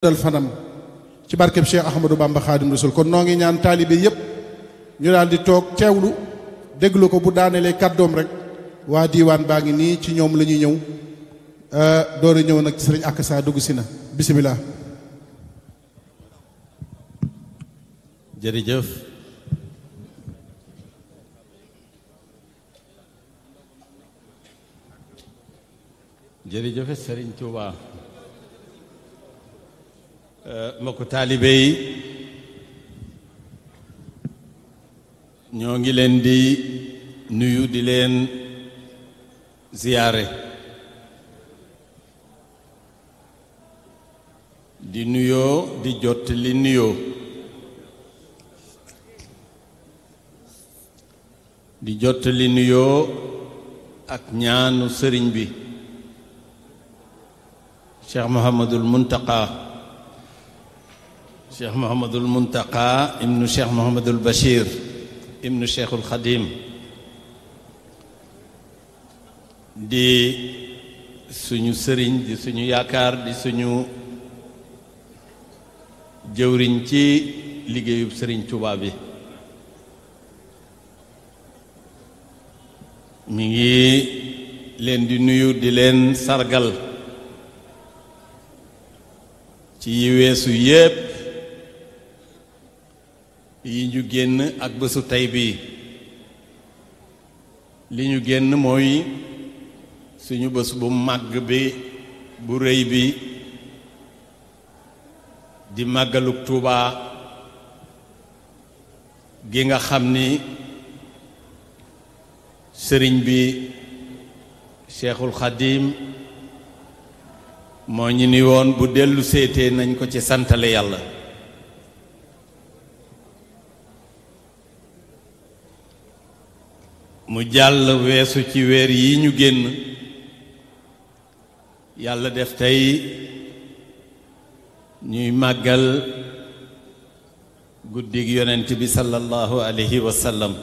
dal fanam ci barkeb Cheikh Ahmadou Bamba Xaadim Rasul kon noo ñaan taalibe yëpp ñu daal di toog lu déglu ko bu daanelee kàddoom rek waa diwaan baa ngi nii ci ñoom lañuy ñuy ñëw euh, door ñëw nag sëriñ ak saa dugg si na bisimilah. jërëjëf jërëjëf Serigne Euh, mbokku taalibe yi ñoo ngi leen di nuyu di leen ziyaare di nuyoo di jot li nuyoo di jot nuyoo ak ñaanu sëriñ bi Cheikh Muhammadul Muntaqa شيخ محمد المنتقى ابن الشيخ محمد البشير ابن الشيخ الخديم di suñu sëriñ di suñu yaakaar di suñu jëwriñ ci liggéeyub sëriñ Tuubaa bi mi ngi leen di nuyu di leen sargal ci yi weesu yépp ñu génn ak bésu tey bii li ñu génn mooy suñu bés bu màgg bi bu rëy bi di màggaluk Tuubaa gi nga xam ni sëriñ bi Cheikhul Xadim moo ñu ni woon bu dellu séetee nañ ko ci santale yàlla mu jàll weesu ci weer yi ñu génn yàlla def tey ñuy màggal guddig yonent bi sallallahu alayhi wa sallam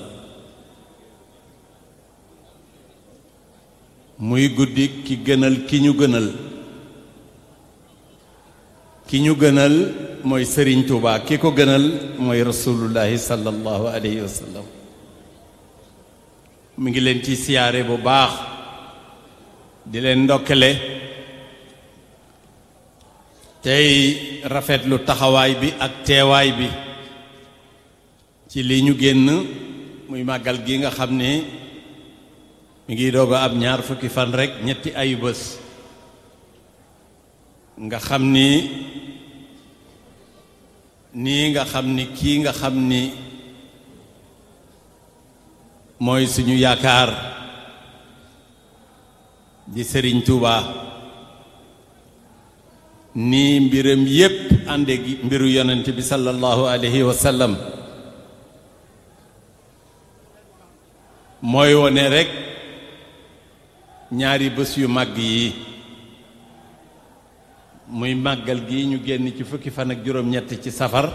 muy guddig ki gënal ki ñu gënal ki ñu gënal mooy Sëriñ Tuubaa ki ko gënal mooy rasulullahi sallallahu alayhi wa sallam mi ngi leen ci siyaare bu baax di leen ndokkale tey rafetlu taxawaay bi ak teewaay bi ci li ñu génn muy màggal gi nga xam ni mu ngi doog a ab ñaar fukki fan rekk ñetti ayu bés nga xam ni nii nga xam ni kii nga xam ni mooy suñu yaakaar di Serigne Touba nii mbiram yépp ànde mbiru yonent bi sallallahu alayhi wa mooy wone rekk ñaari bés yu màgg yi muy màggal gi ñu génn ci fukki fan ak juróom-ñett ci safar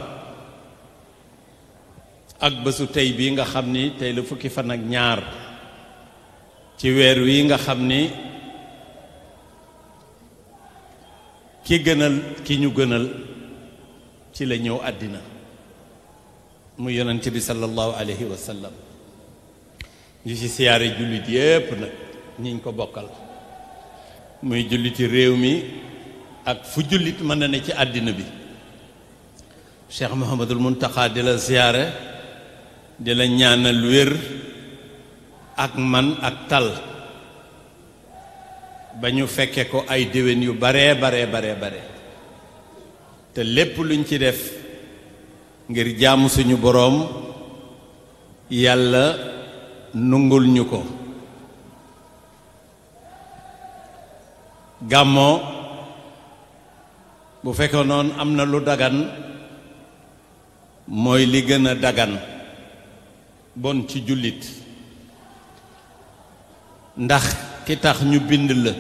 ak bésu tey bii nga xam ni tey la fukki fan ak ñaar ci weer wii nga xam ni ki gënal ki ñu gënal ci la ñëw àddina mu yonent bi sallallahu alayhi wa sallam ñu siyaare jullit yépp nag ñiñ ko bokkal muy julliti réew mi ak fu jullit mën na ne ci àddina bi Cheikh Mouhamadul Muntaxa di siyaare di la ñaanal wér ak man ak tal ba ñu fekkee ko ay déwén yu baree baree bare te lépp luñ ci def ngir jaamu suñu boroom yàlla nungul ñu ko gàmmoo bu fekkee noon am na lu dagan mooy li gën a dagan bon ci jullit ndax ki tax ñu bind la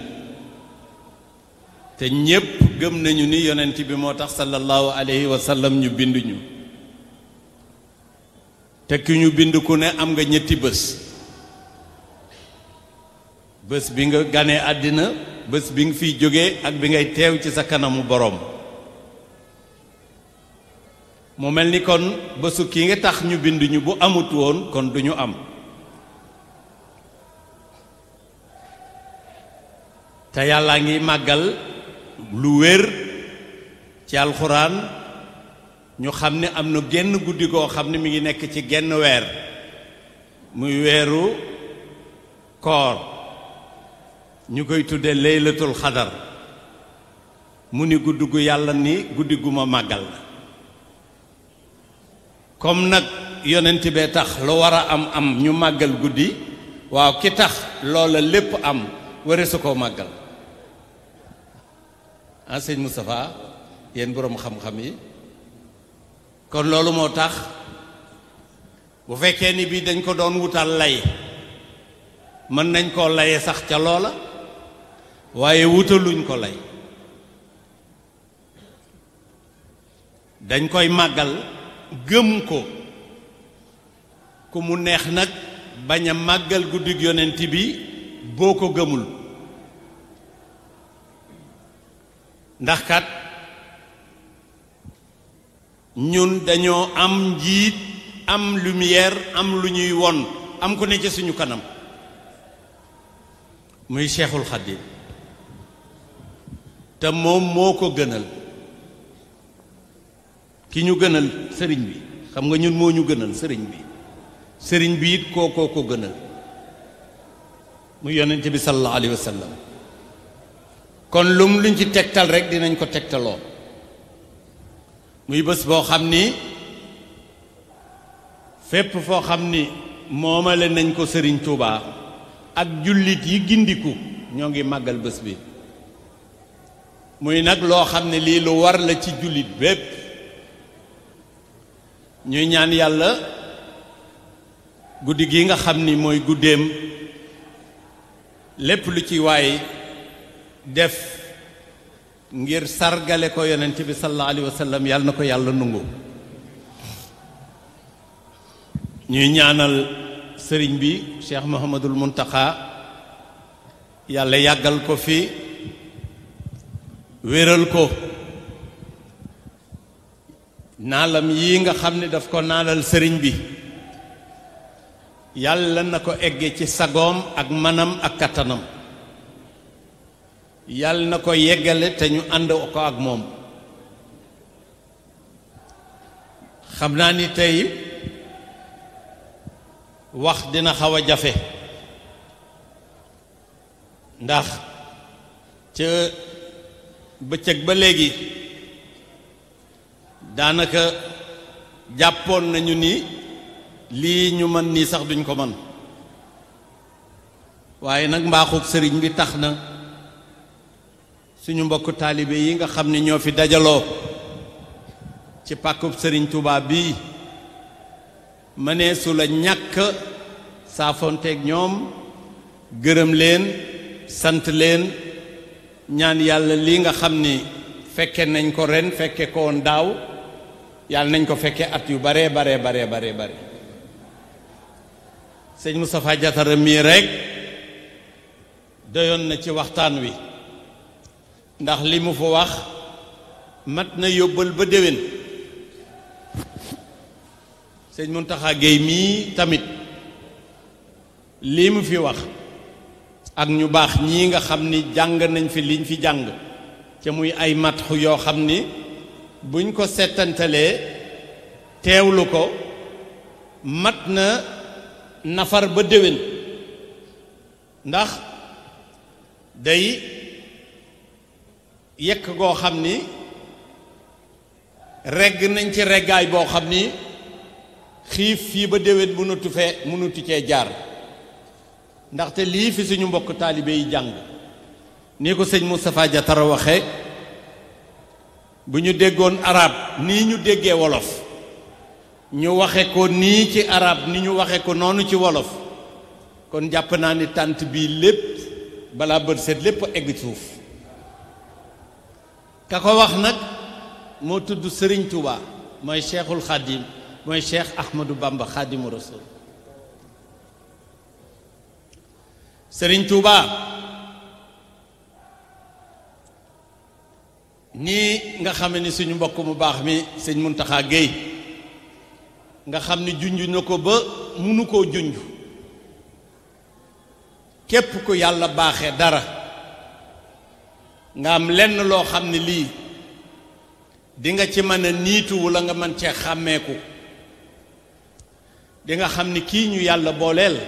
te ñépp gëm nañu ni yonent bi moo tax sallallahu alayhi wa ñu binduñu te ki ñu bind ku ne am nga ñetti bés bés bi nga ganee àddina bés bi nga fiy jógee ak bi ngay teew ci sa kanamu boroom mu mel ni kon bésu ki nga tax ñu binduñu bu amut woon kon du ñu am te yàllaa ngi màggal lu wér ci alxuraan ñu xam ne am na genn guddi goo xam ne mi ngi nekk ci genn weer muy weeru koor ñu koy tudde laylatul xadar mu ni guddi gu yàlla ni guddi gu ma màggal comme nak yonenti be tax lo wara am am ñu magal gudi waaw ki tax loola lepp am ware su ko magal ah sëñ Moustapha yéen borom xam-xam yi kon loolu mo tax bu fekke ni bi dañ ko doon wutal lay man nañ ko laye sax ca loola waaye wutaluñ ko lay dañ koy magal gëm ko ku mu neex nag bañ a màggal guddig yonent bi boo ko gëmul ndax kat ñun dañoo am njiit am lumière am lu ñuy won am ku ne ci suñu kanam muy Cheikhul Khadim te moom moo ko gënal ki ñu gënal sëriñ bi xam nga ñun moo ñu gënal sëriñ bi sëriñ bi it kookoo ko gënal mu yonent bi sallallahu alayhi wa sallam kon lum luñ ci tegtal rekk dinañ ko tegtaloo muy bés boo xam ni fépp foo xam ni moomale nañ ko sëriñ Tuubaa ak jullit yi gindiku ñoo ngi màggal bés bi muy nag loo xam ne lii lu war la ci jullit bépp ñuy ñaan yàlla guddi gi nga xam ni mooy guddeem lépp lu ci waay def ngir sargale ko yonent bi sallallahu alayhi wa yàlla na ko yàlla nungu ñuy ñaanal sëriñ bi Cheikh Mouhamadul Mountakha yàlla yàggal ko fi wéral ko naalam yii nga xam ni daf ko naalal sëriñ bi yàlla na ko egge ci sagoom ak manam ak kattanam yàlla na ko yeggale te ñu ànd ak moom xam naa ni tey wax dina xaw a jafe ndax ca bëccëg ba léegi daanaka jàppoon nañu ni lii ñu mën nii sax duñ ko man waaye nag mbaaxug sëriñ bi tax na suñu mbokk taalibe yi nga xam ni ñoo fi dajaloo ci pàkkub sëriñ tubaab bii mëneesula ñàkk saafonteeg ñoom gërëm leen sant leen ñaan yàlla lii nga xam ni fekke nañ ko ren fekke ko daaw yàlla nañ ko fekkee at yu baree baree baree baree bare sëñ Moustapha Diatara mii rekk doyoon na ci waxtaan wi ndax li mu fa wax mat na yóbbal ba déwén sëñ taxa Guèye mii tamit lii mu fi wax ak ñu baax ñii nga xam ni jàng nañ fi liñ fi jàng ca muy ay matxu yoo xam ni buñ ko seetantalee teewlu ko mat na nafar ba déwén ndax day yekk goo xam ni regg nañ ci reggaay boo xam ni xiif fii ba déwén mënatu fee mënatu cee jaar ndaxte lii fi suñu mbokk taalibe yi jàng ni ko sëñ Moustapha Diatara waxe bu ñu déggoon arab nii ñu déggee wolof ñu waxe ko nii ci arab ni ñu waxe ko noonu ci wolof kon jàpp naa ni tànt bii lépp balaa bët set lépp egg suuf ka ko wax nag moo tudd Serigne Touba mooy cheikhul xadim mooy cheikh Ahmadou Bamba xadimu rasul Serigne Touba nii nga xame ni suñu mbokk mu baax mi sëñ Muntaxa Géey nga xam ni junj na ko ba munu koo junj képp ko yàlla baaxee dara nga am lenn loo xam ne lii di nga ci mën a niitu la nga mën cee xàmmeeku di nga xam ni kii ñu yàlla booleel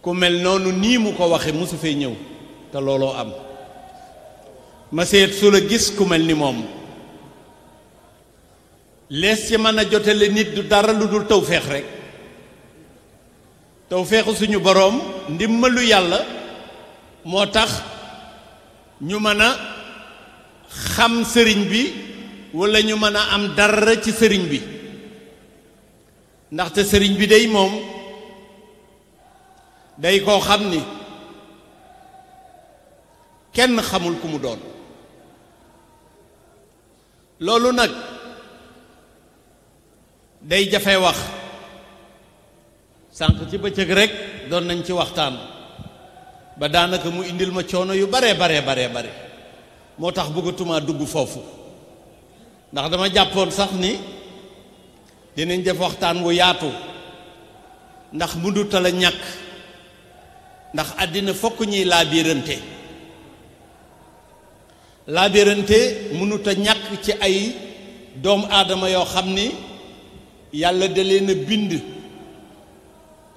ku mel noonu nii mu ko waxe mosu fee ñëw te looloo am ma seet su la gis ku mel ni moom lees ci mën a jotale nit du dara lu dul tawféex rek tawféexu suñu boroom ndimbalu yàlla moo tax ñu mën a xam sëriñ bi walla ñu mën a am dara ci sëriñ bi ndaxte sëriñ bi day moom day koo xam ni kenn xamul ku mu doon loolu nag day jafe wax sant ci bëccëg rek doon nañ ci waxtaan ba daanaka mu indil ma coono yu bare bare bare bare moo tax bëggatuma dugg foofu ndax dama jàppoon sax ni dinañ def waxtaan wu yaatu ndax mënut a la ñàkk ndax àddina fokk ñuy laa biirante laabérante mënut a ñàkk ci ay doomu aadama yoo xam ni yàlla da leen bind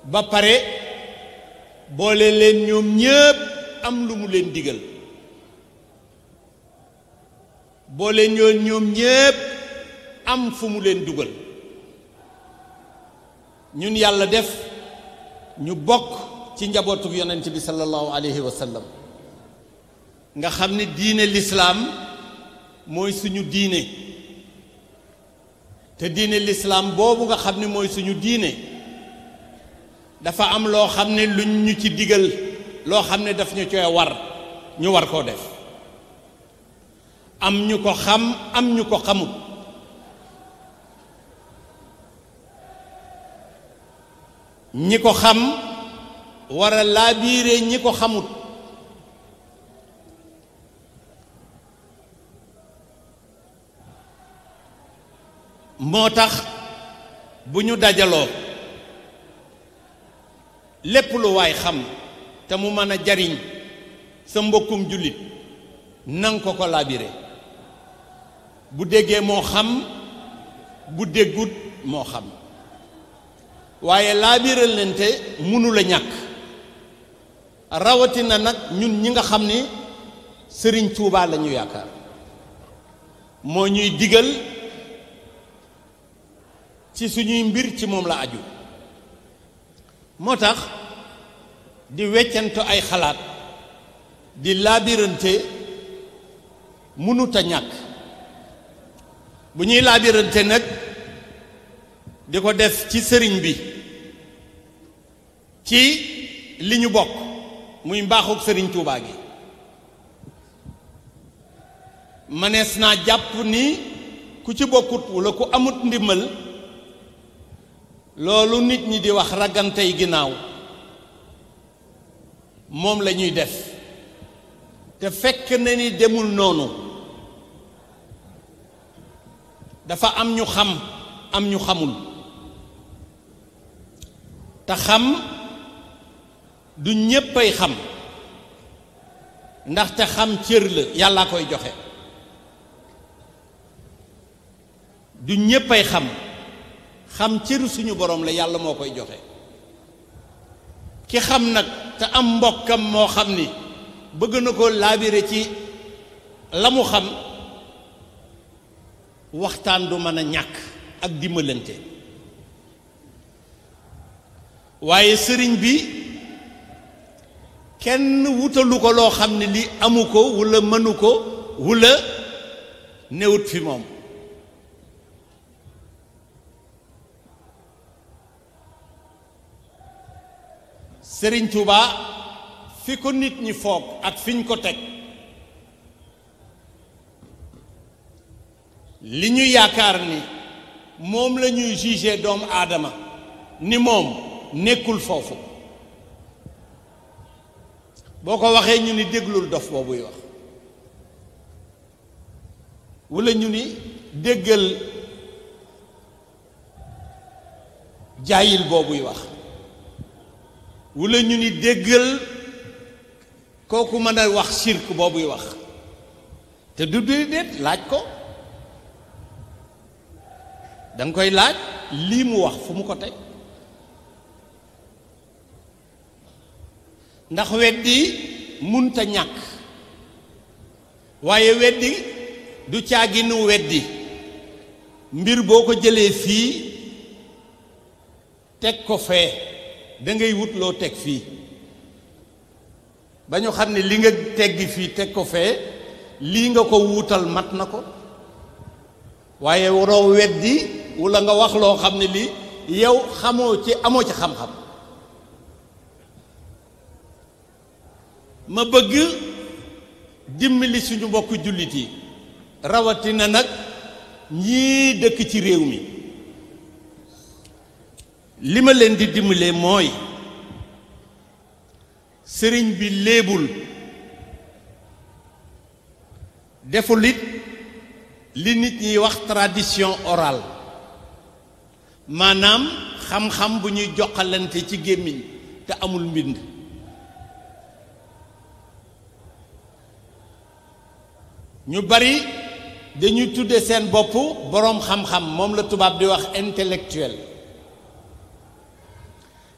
ba pare boole leen ñoom ñépp am lu mu leen digal boole ñoon ñoom ñépp am fu mu leen dugal ñun yàlla def ñu bokk ci njabootu yonent bi sallallahu alayhi wa sallam nga xamni diine l'islam moy suñu diine te diine l'islam bobu nga xamni moy suñu diine dafa am lo xamni luñ ñu ci digal lo xamni daf ñu ci war ñu war ko def am ñu ko xam am ñu ko xamut ñi ko xam wara a laabiire ñi ko xamut moo tax bu ñu dajaloo lépp lu waay xam te mu mën a jariñ sa mbokkum jullit nang ko ko laabire bu déggee moo xam bu déggut moo xam waaye laabiralante mënula ñàkk rawatina nag ñun ñi nga xam ni sëriñ Tuubaa lañu ñu yaakaar moo ñuy digal ci suñuy mbir ci moom la aju moo tax di weccanto ay xalaat di laabirante mënut a ñàkk bu ñuy laabirante nag di ko def ci sëriñ bi ci li ñu bokk muy mbaaxuk sëriñ Tuubaa gi mënees naa jàpp ni ku ci bokkut walla ku amut ndimmal loolu nit ñi di wax raggantey ginnaaw moom la ñuy def te fekk na ni demul noonu dafa am ñu xam am ñu xamul te xam du ñéppay xam ndaxte xam cër la yàllaa koy joxe du ñéppay xam xam cëru suñu borom la yàlla moo koy joxe ki xam nag te am mbokkam moo xam ni bëgg na ko laabire ci la mu xam waxtaan du mën a ñàkk ak dimbalante waaye sëriñ bi kenn wutalu ko loo xam ne li amu ko wala mënu ko wala newut fi moom sëriñ Touba fi ko nit ñi foog ak fiñ ko teg li ñu yaakaar ni moom lañuy ñuy juger doomu aadama ni moom nekkul foofu boo ko waxee ñu ni déglul dof boobuy wax wala ñu ni déggal jaayil boobuy wax wala ñu ni déggal kooku mën a wax sirk boobuy wax te du déedéet laaj ko danga koy laaj lii mu wax fu mu ko teg ndax weddi munta ñàkk waaye weddi du caaginu weddi mbir boo ko jëlee fii teg ko fee da wut loo teg fii ba ñu xam ne li nga teggi fii teg ko fee lii nga ko wuutal mat na ko waaye waroo weddi wala nga wax loo xam ne li yow xamoo ci amoo ci xam-xam ma bëgg dimbali suñu mbokk jullit yi rawatina nag ñii dëkk ci réew mi li ma leen di dimbalee mooy sëriñ bi léebul defulit li nit ñiy wax tradition orale maanaam xam-xam bu ñuy joxalante ci gémmiñ te amul mbind ñu bari dañuy tudde seen bopp boroom xam-xam moom la tubaab di wax intellectuel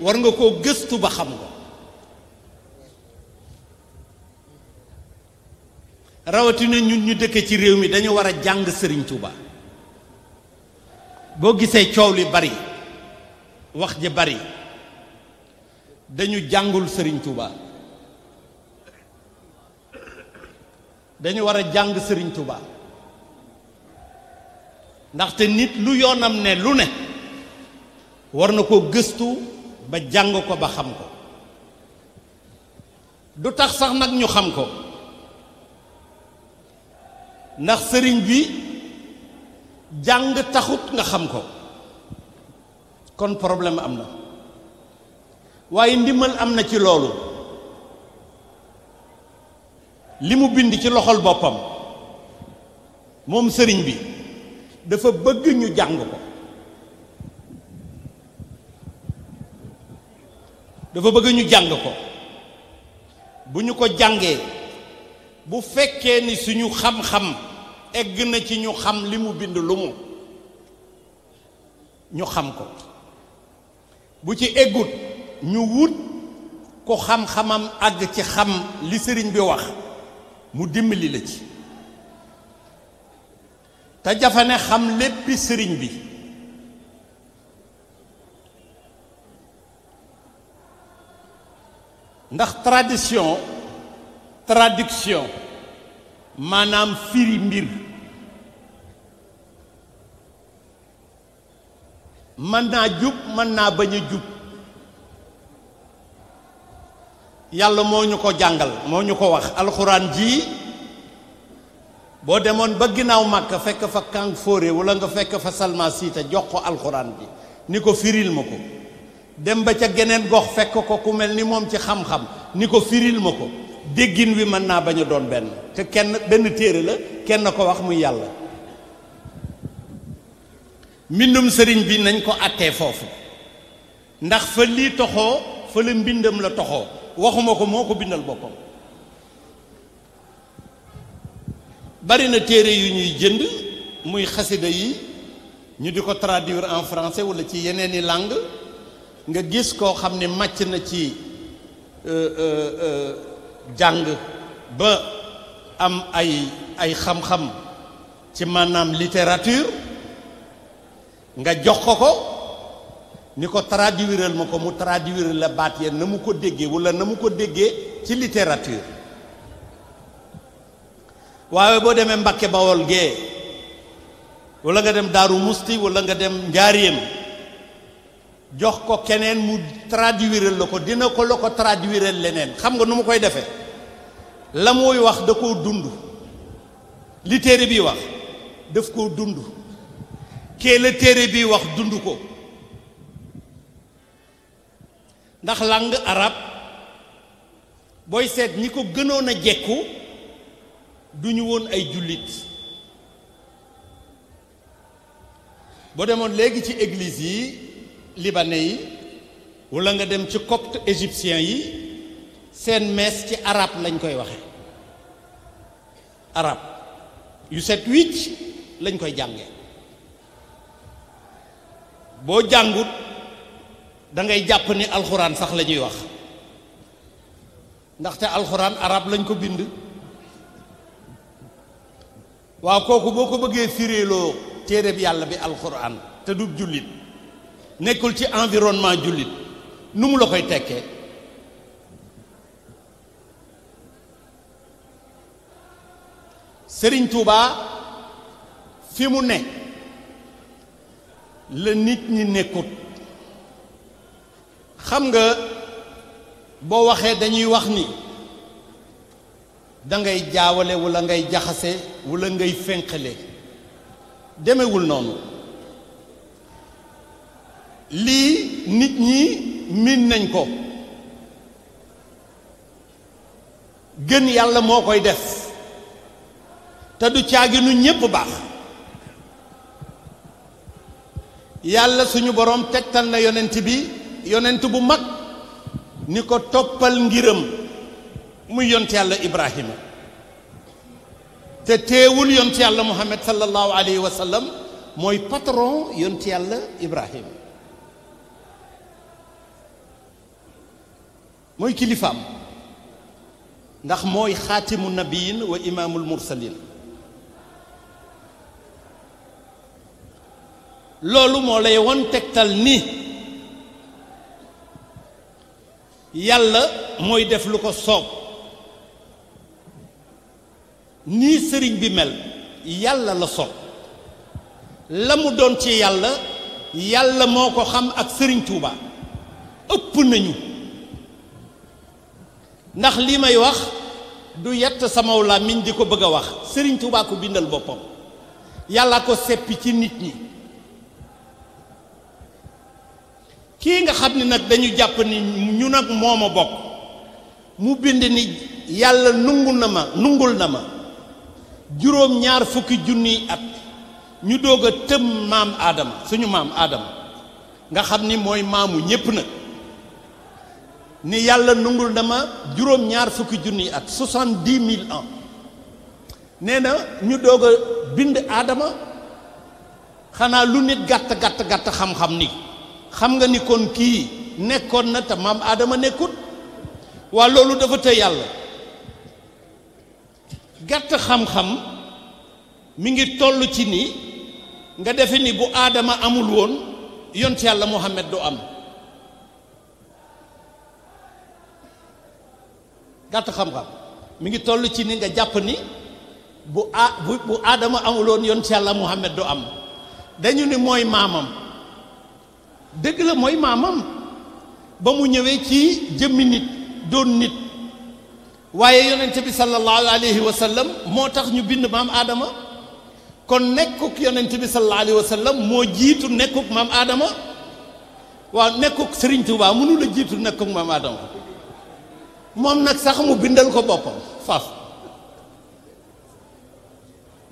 war nga koo gëstu ba xam ko rawatina ñun ñu dëkk ci réew mi dañu war a jàng sëriñ Tuuba boo gisee coow li bari wax ji bari dañu jàngul sëriñ Tuuba dañu war a jàng sëriñ Tuuba ndaxte nit lu yoonam ne lu ne war na koo gëstu ba jàng ko ba xam ko du tax sax nag ñu xam ko ndax sëriñ bi jàng taxut nga xam ko kon problème amna? na waaye ndimbal am na ci loolu li mu bind ci loxol boppam moom sëriñ bi dafa bëgg ñu jàng ko dafa bëgg ñu jàng ko bu ñu ko jàngee bu fekkee ni suñu xam-xam egg na ci ñu xam li mu bind lu mu ñu xam ko bu ci eggut ñu wut ko xam-xamam àgg ci xam li sëriñ bi wax mu dimmili la ci te jafane xam léppi sëriñ bi ndax tradition traduction maanaam firi mbir mën naa jub mën naa bañ a jub yàlla moo ñu ko jàngal moo ñu ko wax alxuraan ji boo demoon ba ginnaaw màkk fekk fa kàng fóore wala nga fekk fa salma siita jox ko alxuraan bi ni ko firil ma ko dem ba ca geneen gox fekk ko ku mel ni moom ci xam-xam ni ko firil ma ko déggin wi mën naa bañ a doon benn te kenn benn téere la kenn ko wax muy yàlla mbindum sëriñ bi nañ ko attee foofu ndax fa lii toxoo fa la mbindam la toxoo waxuma ko moo ko bindal boppam bari na téere yu ñuy jënd muy xasida yi ñu di ko traduire en français wala ci yeneeni langue nga gis koo xam ne màcc na ci euh, euh, euh, jàng ba am ay ay xam-xam ci maanaam littérature nga jox ko ko ni ko traduiral ma ko mu traduire la baat ya na mu ko déggee walla na mu ko déggee ci littérature waaye boo demee mbakke Bawol gee walla nga dem Daaru Musti walla nga dem Njaaréem jox ko keneen mu traduire la ko dina ko la ko traduire leneen xam nga nu mu koy defe la mooy wax da koo dund li téere bi wax def koo dund kee la téere bi wax dund ko ndax lang arab booy seet ñi ko gënoon a jekku duñu woon ay jullit boo demoon léegi ci église yi libane yi wala nga dem ci copte égyptien yi seen mees ci arab lañ koy waxe arab yu set wicc lañ koy jànge boo jàngut da ngay jàpp ni alxuraan sax la ñuy wax ndaxte alxuraan arab lañ ko bind waaw kooku boo ko bëggee firéeloo téereb yàlla bi alxuraan te du jullit nekkul ci environnement jullit nu mu la koy tekkee Sëriñ Tuubaa fi mu ne la nit ñi nekkut xam nga boo waxee dañuy wax ni da ngay jaawale walla ngay jaxase walla ngay fenqale demewul noonu lii nit ñi miin nañ ko gën yàlla moo koy des te du caaginu ñépp baax yàlla suñu boroom tegtal na yonent bi yonent bu mag ni ko toppal ngiram muy yont yàlla ibrahima te teewul yont yàlla muhammad sallallahu alayhi wa mooy patron yont yàlla ibrahima mooy kilifaam ndax mooy xaatimu nabiyin wa imaamul mursalin loolu moo lay won tegtal ni yàlla mooy def lu ko soob nii sëriñ bi mel yàlla la soob la mu doon ci yàlla yàlla moo ko xam ak sëriñ Tuuba ëpp nañu ndax lii may wax du yett samaw làmmiñ di ko bëgg a wax sëriñ Tuubaa bindal boppam yàlla ko seppi ci nit ñi kii nga xam ni nag dañu jàpp ni ñu nag moo ma bokk mu bind ni yàlla nungul na ma nungul na ma juróom ñaar fukki junniy at ñu doog a tëm maam aadama suñu maam aadama nga xam ni mooy maamu ñépp nag ni yàlla nungul dama juróom-ñaar fukki junni at soixante-dix mille ans nee na ñu doog a bind aadama xanaa lu nit gàtt gàtt gàtt xam-xam ni xam nga ni kon kii nekkoon na te maam aadama nekkut waa loolu dafa te yàlla gàtt xam-xam mi ngi toll ci ni nga defe ni bu aadama amul woon yont yàlla Muhammad du am gàtt xam-xam mi ngi toll ci ni nga jàpp ni bu a bu bu aadama amuloon yoon ci yàlla Muhammad doo am dañu ni mooy maamam dëgg la mooy maamam ba mu ñëwee ci jëmmi nit doon nit waaye yonente bi sallallahu alayhi wa moo tax ñu bind maam aadama kon nekkuk yonente bi sallallahu alayhi wa sallam moo jiitu nekkuk maam aadama waaw nekkuk Sëriñ Tuubaa mënu la jiitu nekkuk maam aadama moom nag sax mu bindal ko boppam faf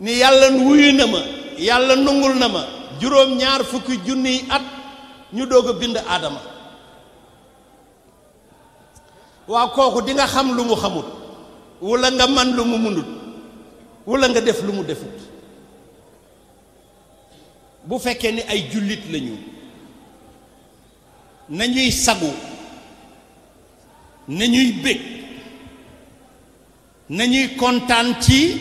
ni yàlla wuyu na ma yàlla nungul na ma juróom ñaar fukki junniy at ñu doog a bind aadama waa kooku dinga xam lu mu xamut wala nga man lu mu munut wala nga def lu mu defut bu fekkee ni ay jullit lañu nañuy sagu nañuy bég nañuy kontaan ci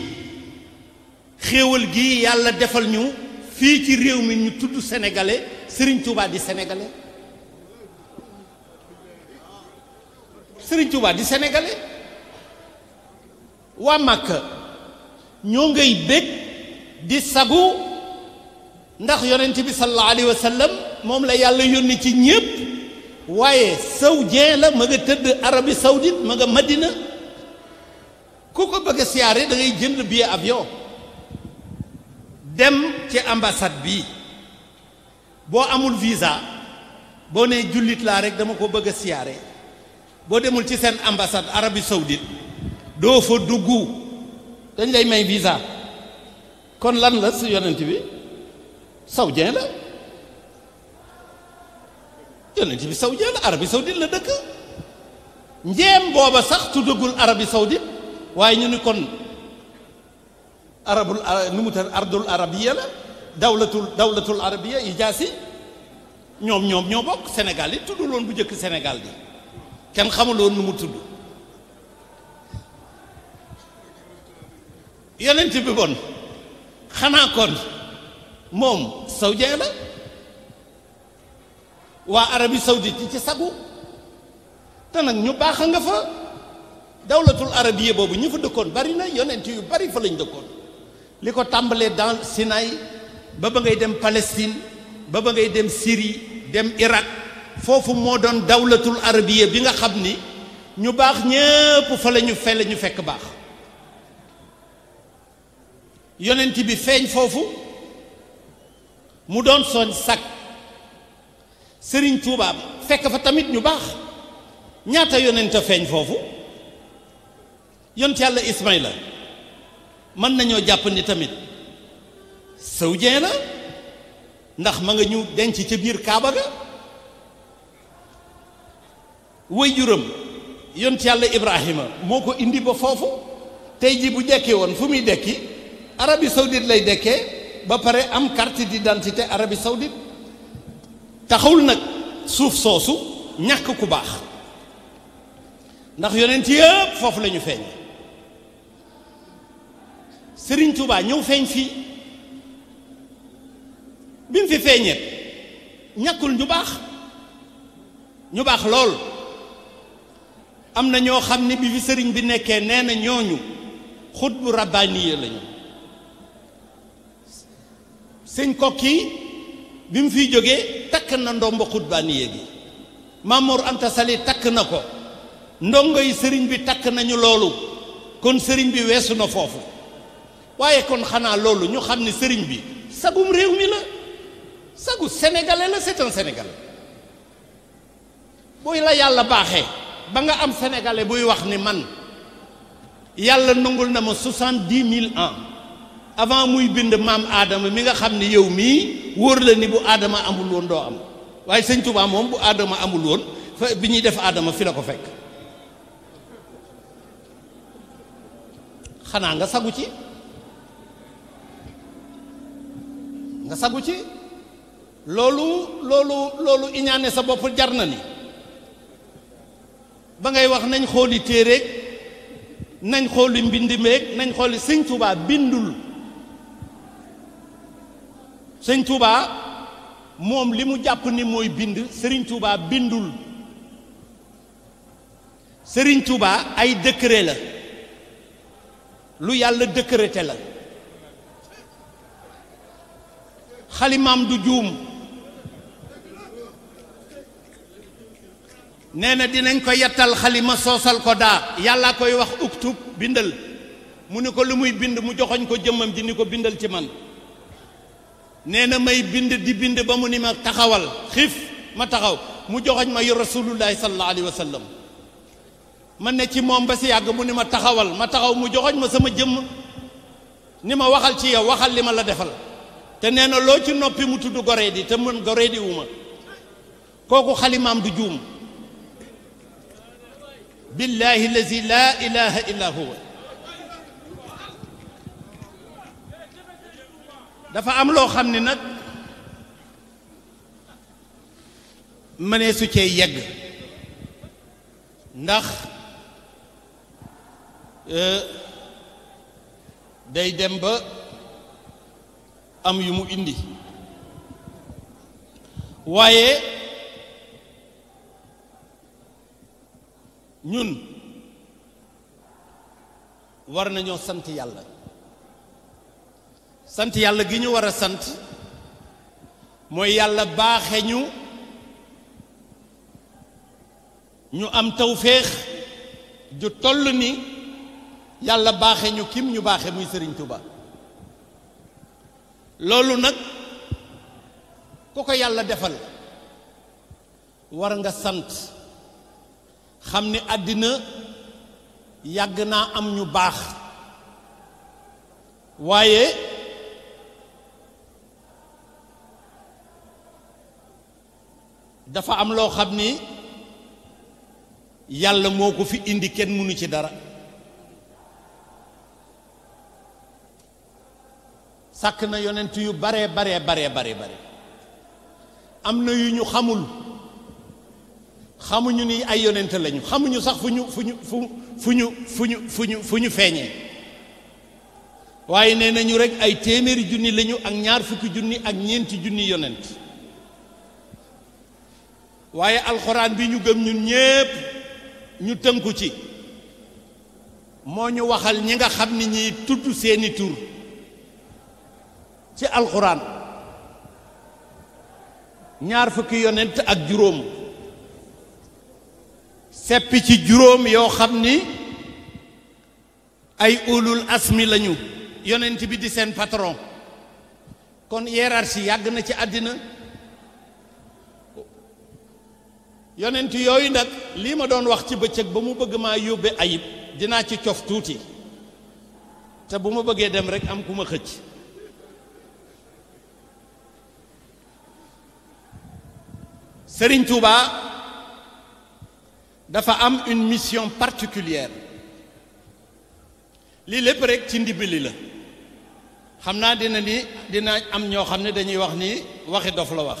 xéewal gi yàlla defal ñu fii ci réew mi ñu tudd sénégalais Serigne Touba di sénégalais Serigne Touba di senegale waa Màkka ñoo ngay bég di sagu ndax yonent bi sallallahu alayhi wa sallam moom la yàlla yónni ci ñépp waaye saoudien la ma nga tëdd arabi saoudite ma nga Madina ku ko bëgg a siyaare da ngay jënd ab avion dem ci ambassade bi boo amul visa boo nee jullit laa rek dama ko bëgg a siyaare boo demul ci seen ambassade Arabie saoudite doo fa dugg dañ lay may visa kon lan la si yonent bi saoudien la yonent bi saudien la Arabie saoudite la dëkk njéem booba sax tuddagul arabi saoudite waaye ñu ni kon arabul nu mu tal ardul arabiya la dawlatul dawlatul arabiya ijaasi ñoom ñoom ñoo bokk Sénégal yi tuddul woon bu njëkk senegal bi kenn xamuloon nu mu tudd yonent bi bon xanaa kon moom saudien la waa Arabie Saoudite yi ci sagu te nag ñu baax a nga fa dawlatul arabiya boobu ñi fa dëkkoon bari na yonent yu bari fa lañ dëkkoon li ko tàmbalee dans Sinaï ba ba ngay dem Palestine ba ba ngay dem siri dem Irak foofu moo doon dawlatul arabiya bi nga xam ni ñu baax ñépp fa la ñu fe la ñu fekk baax yonent bi feeñ foofu mu doon soñ sag sëriñ Tuubaa fekk fa tamit ñu baax ñaata yonent a feeñ foofu yont yàlla Ismayla mën nañoo jàpp ni tamit sawjee la ndax ma nga ñu denc ca biir Kaaba ga waajuram yont yàlla Ibrahima moo ko indi ba foofu tey ji bu dekki woon fu muy dekki Arabie Saoudite lay dekkee ba pare am di carte te Arabie Saoudite taxawul nag suuf soosu ñàkk ku baax ndax yonent yëpp foofu lañu ñu feeñ Sëriñ Tuubaa ñëw feeñ fii bi mu fi feeñee ñàkkul ñu baax ñu baax lool am na ñoo xam ne bi fi sëriñ bi nekkee nee na ñooñu xutbu rabbaaniye lañu sëñ kokki bi mu fi jógee takk na ndombo xutbaaniye gi Mamour Anta Sali takk na ko ndongo yi sëriñ bi takk nañu loolu kon sëriñ bi weesu na foofu waaye kon xanaa loolu ñu xam ne sëriñ bi sagum réew mi la sagu sénégalais la c'est un sénégalais booy la yàlla baaxee ba nga am sénégalais buy wax ni man yàlla nungul na ma soixante-dix mille ans avant muy bind maam aadama mi nga xam ni yow mii wóor la ni bu aadama amul woon doo am waaye sëñ Tuubaa moom bu aadama amul woon bi ñuy def aadama fi la ko fekk xanaa nga sagu ci nga sagu ci loolu loolu loolu iñaane sa bopp jar na ni ba ngay wax nañ xooli téereeg nañ xooli mbind meeg nañ xooli sëñ Tuubaa bindul sëñ Touba moom li mu jàpp ni mooy bind sëriñ Touba bindul sëriñ Touba ay décret la lu yàlla décrété la xalimaam du juum nee na dinañ ko yettal xalima soosal ko daa yàllaa koy wax uktub bindal mu ni ko lu muy bind mu joxoñ ko jëmmam ji ni ko bindal ci man nee na may bind di bind ba mu ni ma taxawal xiif ma taxaw mu joxoñ ma yu rasulullahi sallallahu alayhi wa sallam man ne ci moom ba si yàgg mu ni ma taxawal ma taxaw mu joxoñ ma sama jëmm ni ma waxal ci yow waxal li ma la defal te nee na loo ci noppi mu tudd goree di te mën goree di wu ma kooku xalimaam du juum billahi lazi la ilaha illa huwa dafa am loo xam ne nag mënee su cee yegg ndax euh, day dem ba am yu mu indi waaye ñun war nañoo sant yàlla sant yàlla gi ñu war a sant mooy yàlla baaxe ñu ñu am tawféex ju toll ni yàlla baaxe ñu kim ñu baaxe muy sëriñ Tuba loolu nag ku ko yàlla defal war nga sant xam ni àddina yàgg naa am ñu baax waaye dafa am loo xam ni yàlla moo ko fi indi kenn mënu ci dara sàkk na yonent yu baree baree baree bare bare am na yu ñu xamul xamuñu ni ay yonent lañu xamuñu sax fu ñu fu ñu fu ñu fu ñu fu ñu fu ñu feeñee waaye nee nañu rek ay téeméeri junni lañu ak ñaar fukki junni ak ñeenti junni yonent waaye alxuraan bi ñu gëm ñun ñépp ñu tënku ci moo ñu waxal ñi nga xam ni ñiy tudd seeni tur ci alxuraan ñaar fukki yonent ak juróom seppi ci juróom yoo xam ni ay ulul asmi lañu yonent bi di seen patron kon hiérarchie yàgg na ci àddina yonent yooyu nag lii ma doon wax ci bëccëg ba mu bëgg maa yóbbe ayib dinaa ci cof tuuti te bu ma bëggee dem rek am ku ma xëcc Sëriñ Touba dafa am une mission particulière lii lépp rek ci ndimbali la xam naa dina ni dinaa am ñoo xam ne dañuy wax ni waxi dof la wax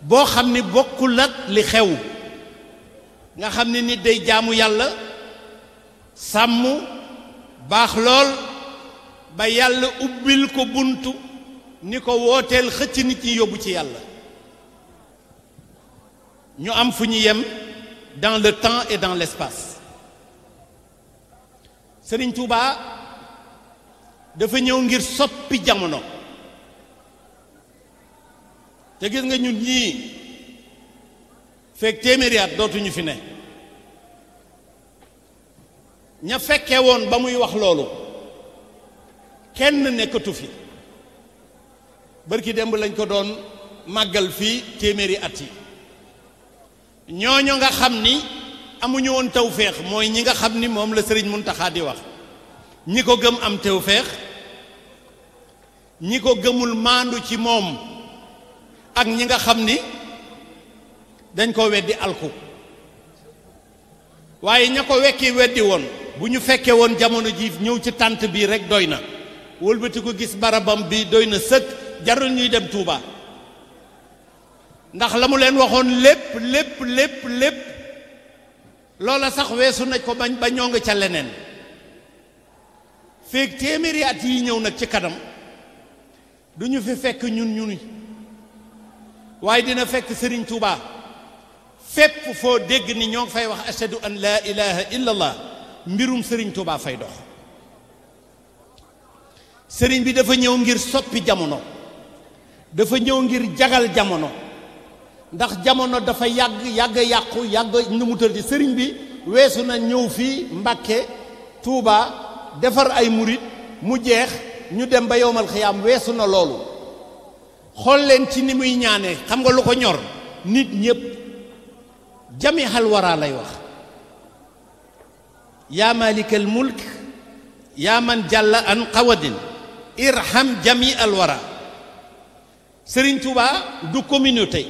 bo xamni ni ak li xew nga xamni nit day jaamu yalla sàmm baax lol ba yalla ubbil ko buntu niko wotel xec nit ñi ci yalla ñu am fu ñu yem dans le temps et dans l'espace Sëriñ Tuubaa dafa ñew ngir soppi jamono te gis nga ñun ñii fekk téeméeri at dootuñu fi ne ña fekke woon ba muy wax loolu kenn nekkatu fi bërki démb lañ ko doon màggal fii téeméeri at yi ñooñu nga xam ni amuñu woon tawféex mooy ñi nga xam ni moom la sëriñ mun Muntaxa di wax ñi ko gëm am tawféex ñi ko gëmul maandu ci moom ak ñi nga xam ni dañ ko weddi alku waaye ña ko wekki weddi woon bu ñu fekkee woon jamono ji ñëw ci tànt bii rek doy na wëlbati gis barabam bi doy na sëkk jarul dem Touba ndax la mu leen waxoon lépp lépp lépp lépp loola sax weesu nañ ko bañ ba ñoo nga ca leneen feeg téeméeri at yi ñëw nag ci kanam du ñu fi fekk ñun ñuni waaye dina fekk sëriñ Touba fépp foo dégg ni ñoo ngi fay wax ashadu an la ilaha illa allah mbirum sëriñ Touba fay dox sëriñ bi dafa ñëw ngir soppi jamono dafa ñëw ngir jagal jamono ndax jamono dafa yàgg yàgg yàqu yàgg nu mu tëddi sëriñ bi weesu na ñëw fii Mbàkke Touba defar ay murit mu jeex ñu dem ba yowmal xiyaam weesu na loolu xool leen ci ni muy ñaanee xam nga lu ko ñor nit ñépp jami hal wara lay wax ya malik al mulk ya man jàlla an qawadin irham jami al wara Serigne Touba du communauté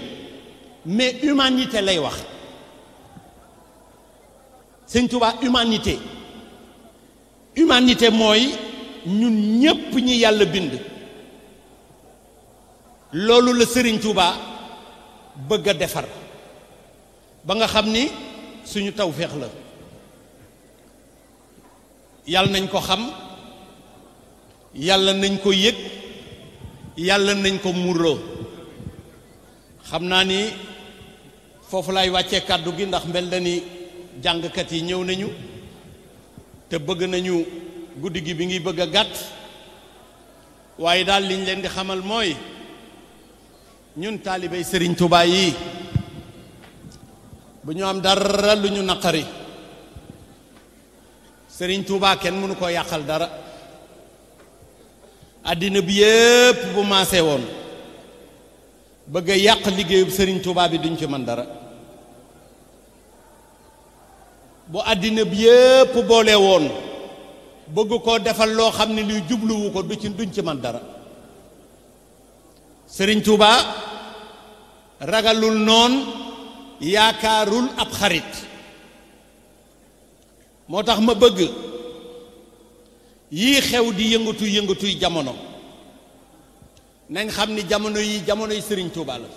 mais humanité lay wax Serigne Touba humanité humanité moy ñun ñépp ñi yàlla bind loolu la sëriñ Touba bëgg a defar ba nga xam ni suñu tawféex la yàlla nañ ko xam yàlla nañ ko yëg yàlla nañ ko murloo xam naa ni foofu lay wàcce kàddu gi ndax mel na ni jàngkat yi ñëw nañu te bëgg nañu guddi gi bi ngi bëgg a gàtt waaye daal liñ leen di xamal mooy ñun taalibey sëriñ Tuubaa yi bu ñu am dara lu ñu naqari sëriñ Tuubaa kenn mënu koo yàqal dara àddina bi yépp bu maasee woon bëgg yàq liggéeyub sëriñ Tuubaa bi duñ ci mën dara bu àddina bi yépp boole woon bëgg koo defal loo xam ne luy jubluwu ko du ci duñ ci mën dara sëriñ Tuubaa ragalul noon yaakaarul ab xarit moo tax ma bëgg yii xew di yëngatu yëngatuy jamono nañ xam ni jamono yi jamono yi Sëriñ Tuuba la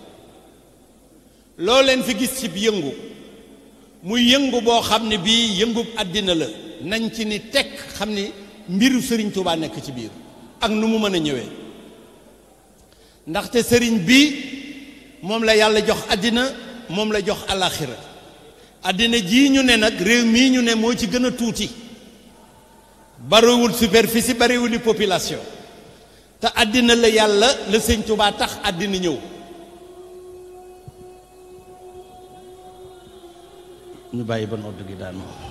loo leen fi gis cib yëngu muy yëngu boo xam ne bii yëngub àddina la nañ ci ni tekk xam ni mbiru Sëriñ Tuuba nekk ci biir ak nu mu mën a ñëwee ndaxte sëriñ bi moom la yàlla jox àddina moom la jox alaxira àddina jii ñu ne nag réew mii ñu ne moo ci gën a tuuti bariwul superficie bariwul population te àddina la yàlla la sëñ Tuubaa tax àddina ñëw ñu bàyyi ba nodd